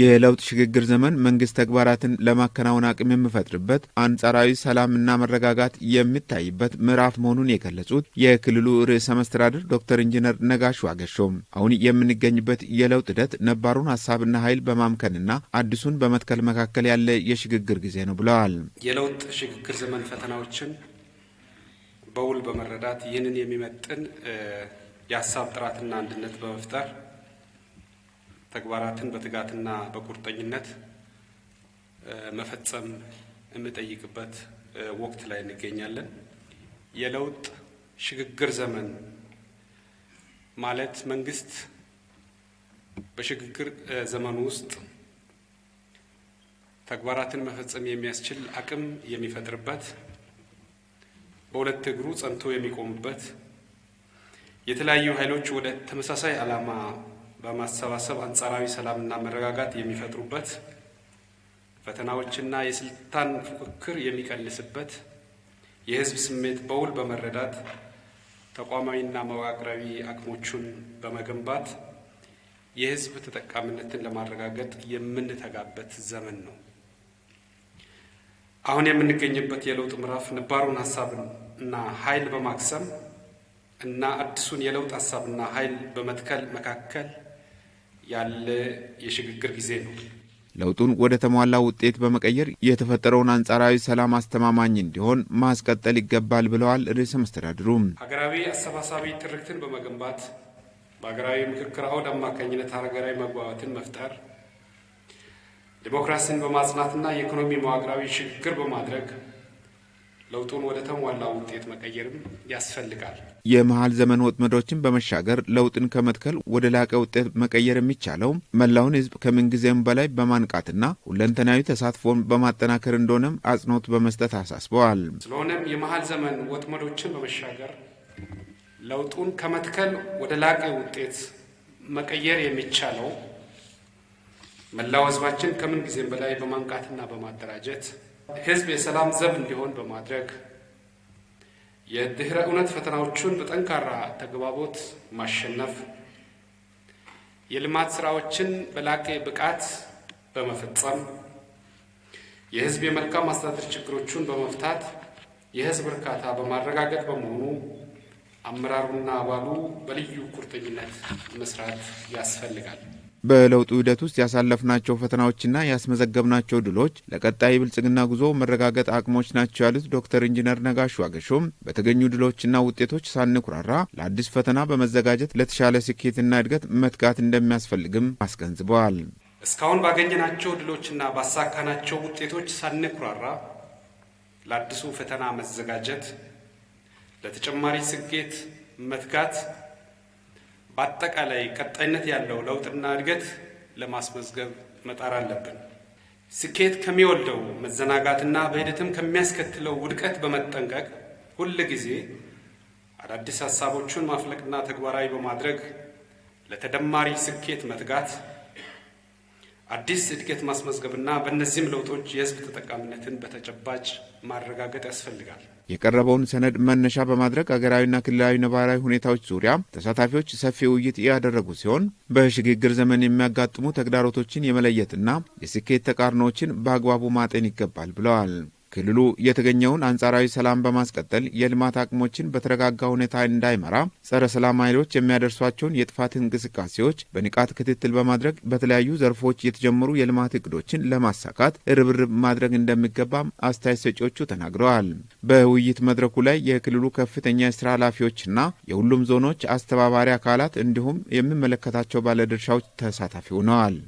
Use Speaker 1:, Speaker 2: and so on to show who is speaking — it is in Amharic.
Speaker 1: የለውጥ ሽግግር ዘመን መንግስት ተግባራትን ለማከናወን አቅም የሚፈጥርበት አንጻራዊ ሰላምና መረጋጋት የሚታይበት ምዕራፍ መሆኑን የገለጹት የክልሉ ርዕሰ መስተዳድር ዶክተር ኢንጂነር ነጋሽ ዋገሾም አሁን የምንገኝበት የለውጥ ሂደት ነባሩን ሀሳብና ኃይል በማምከንና አዲሱን በመትከል መካከል ያለ የሽግግር ጊዜ ነው ብለዋል።
Speaker 2: የለውጥ ሽግግር ዘመን ፈተናዎችን በውል በመረዳት ይህንን የሚመጥን የሀሳብ ጥራትና አንድነት በመፍጠር ተግባራትን በትጋትና በቁርጠኝነት መፈጸም የምጠይቅበት ወቅት ላይ እንገኛለን። የለውጥ ሽግግር ዘመን ማለት መንግስት በሽግግር ዘመኑ ውስጥ ተግባራትን መፈጸም የሚያስችል አቅም የሚፈጥርበት በሁለት እግሩ ጸንቶ የሚቆምበት የተለያዩ ኃይሎች ወደ ተመሳሳይ ዓላማ በማሰባሰብ አንጻራዊ ሰላምና መረጋጋት የሚፈጥሩበት ፈተናዎችና የስልጣን ፉክክር የሚቀንስበት የህዝብ ስሜት በውል በመረዳት ተቋማዊና መዋቅራዊ አቅሞቹን በመገንባት የህዝብ ተጠቃሚነትን ለማረጋገጥ የምንተጋበት ዘመን ነው። አሁን የምንገኝበት የለውጥ ምዕራፍ ነባሩን ሀሳብን እና ኃይል በማክሰም እና አዲሱን የለውጥ ሀሳብና ኃይል በመትከል መካከል ያለ የሽግግር ጊዜ ነው።
Speaker 1: ለውጡን ወደ ተሟላ ውጤት በመቀየር የተፈጠረውን አንጻራዊ ሰላም አስተማማኝ እንዲሆን ማስቀጠል ይገባል ብለዋል ርዕሰ መስተዳድሩ።
Speaker 2: ሀገራዊ አሰባሳቢ ትርክትን በመገንባት በሀገራዊ ምክክር አውድ አማካኝነት ሀገራዊ መግባባትን መፍጠር፣ ዲሞክራሲን በማጽናትና የኢኮኖሚ መዋቅራዊ ሽግግር በማድረግ ለውጡን ወደ ተሟላ ውጤት መቀየርም ያስፈልጋል።
Speaker 1: የመሀል ዘመን ወጥመዶችን በመሻገር ለውጥን ከመትከል ወደ ላቀ ውጤት መቀየር የሚቻለው መላውን ሕዝብ ከምንጊዜም በላይ በማንቃትና ሁለንተናዊ ተሳትፎን በማጠናከር እንደሆነም አጽንኦት በመስጠት አሳስበዋል።
Speaker 2: ስለሆነም የመሀል ዘመን ወጥመዶችን በመሻገር ለውጡን ከመትከል ወደ ላቀ ውጤት መቀየር የሚቻለው መላው ሕዝባችን ከምንጊዜም በላይ በማንቃትና በማደራጀት ህዝብ የሰላም ዘብ እንዲሆን በማድረግ የድህረ እውነት ፈተናዎቹን በጠንካራ ተግባቦት ማሸነፍ፣ የልማት ስራዎችን በላቀ ብቃት በመፈጸም የህዝብ የመልካም አስተዳደር ችግሮቹን በመፍታት የህዝብ እርካታ በማረጋገጥ በመሆኑ አመራሩና አባሉ በልዩ ቁርጠኝነት መስራት ያስፈልጋል።
Speaker 1: በለውጡ ሂደት ውስጥ ያሳለፍናቸው ፈተናዎችና ያስመዘገብናቸው ድሎች ለቀጣይ ብልጽግና ጉዞ መረጋገጥ አቅሞች ናቸው ያሉት ዶክተር ኢንጂነር ነጋሽ ዋገሾም በተገኙ ድሎችና ውጤቶች ሳንኩራራ ለአዲስ ፈተና በመዘጋጀት ለተሻለ ስኬትና እድገት መትጋት እንደሚያስፈልግም አስገንዝበዋል።
Speaker 2: እስካሁን ባገኘናቸው ድሎችና ባሳካናቸው ውጤቶች ሳንኩራራ ለአዲሱ ፈተና መዘጋጀት፣ ለተጨማሪ ስኬት መትጋት በአጠቃላይ ቀጣይነት ያለው ለውጥና እድገት ለማስመዝገብ መጣር አለብን። ስኬት ከሚወልደው መዘናጋትና በሂደትም ከሚያስከትለው ውድቀት በመጠንቀቅ ሁል ጊዜ አዳዲስ ሀሳቦቹን ማፍለቅና ተግባራዊ በማድረግ ለተደማሪ ስኬት መትጋት አዲስ እድገት ማስመዝገብና በእነዚህም ለውጦች የህዝብ ተጠቃሚነትን በተጨባጭ ማረጋገጥ ያስፈልጋል።
Speaker 1: የቀረበውን ሰነድ መነሻ በማድረግ አገራዊና ክልላዊ ነባራዊ ሁኔታዎች ዙሪያ ተሳታፊዎች ሰፊ ውይይት ያደረጉ ሲሆን በሽግግር ዘመን የሚያጋጥሙ ተግዳሮቶችን የመለየትና የስኬት ተቃርኖዎችን በአግባቡ ማጤን ይገባል ብለዋል። ክልሉ የተገኘውን አንጻራዊ ሰላም በማስቀጠል የልማት አቅሞችን በተረጋጋ ሁኔታ እንዳይመራ ጸረ ሰላም ኃይሎች የሚያደርሷቸውን የጥፋት እንቅስቃሴዎች በንቃት ክትትል በማድረግ በተለያዩ ዘርፎች የተጀመሩ የልማት እቅዶችን ለማሳካት ርብርብ ማድረግ እንደሚገባም አስተያየት ሰጪዎቹ ተናግረዋል። በውይይት መድረኩ ላይ የክልሉ ከፍተኛ የስራ ኃላፊዎችና የሁሉም ዞኖች አስተባባሪ አካላት እንዲሁም የሚመለከታቸው ባለድርሻዎች ተሳታፊ ሆነዋል።